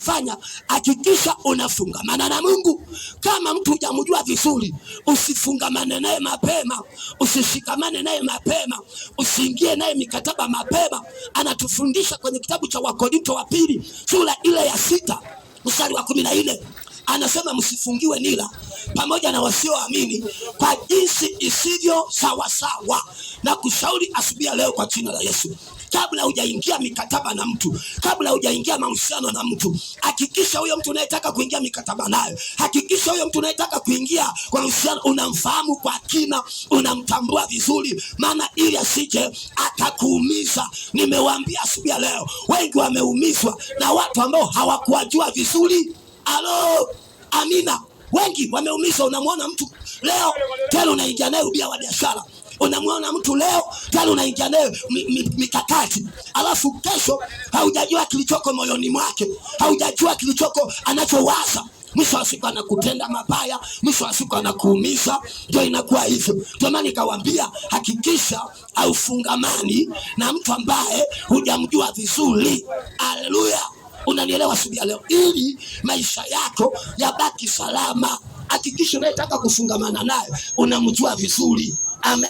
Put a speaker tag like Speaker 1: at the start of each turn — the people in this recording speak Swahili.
Speaker 1: Fanya, hakikisha unafungamana na Mungu. Kama mtu hujamjua vizuri, usifungamane naye mapema, usishikamane naye mapema, usiingie naye mikataba mapema. Anatufundisha kwenye kitabu cha Wakorinto wa pili sura ile ya sita mstari wa kumi na nne anasema msifungiwe nila pamoja na wasioamini kwa jinsi isivyo sawasawa, na kushauri asubuhi leo kwa jina la Yesu kabla hujaingia mikataba na mtu, kabla hujaingia mahusiano na mtu, hakikisha huyo mtu unayetaka kuingia mikataba nayo, hakikisha huyo mtu unayetaka kuingia kwa mahusiano unamfahamu kwa kina, unamtambua vizuri, maana ili asije akakuumiza. Nimewaambia asubuhi ya leo, wengi wameumizwa na watu ambao hawakuwajua vizuri. Alo, amina. Wengi wameumizwa. Unamwona mtu leo tena unaingia naye ubia wa biashara Unamwona mtu leo gari unaingia naye mikakati, alafu kesho haujajua kilichoko moyoni mwake, haujajua kilichoko anachowaza mwisho wa siku anakutenda mabaya, mwisho wa siku anakuumiza. Ndio inakuwa hivyo. Ndio kawambia hakikisha aufungamani na mtu ambaye hujamjua vizuri. aleluya unanielewa siku ya leo, ili maisha yako yabaki salama. Hakikisha unayetaka kufungamana naye unamjua vizuri. Amen.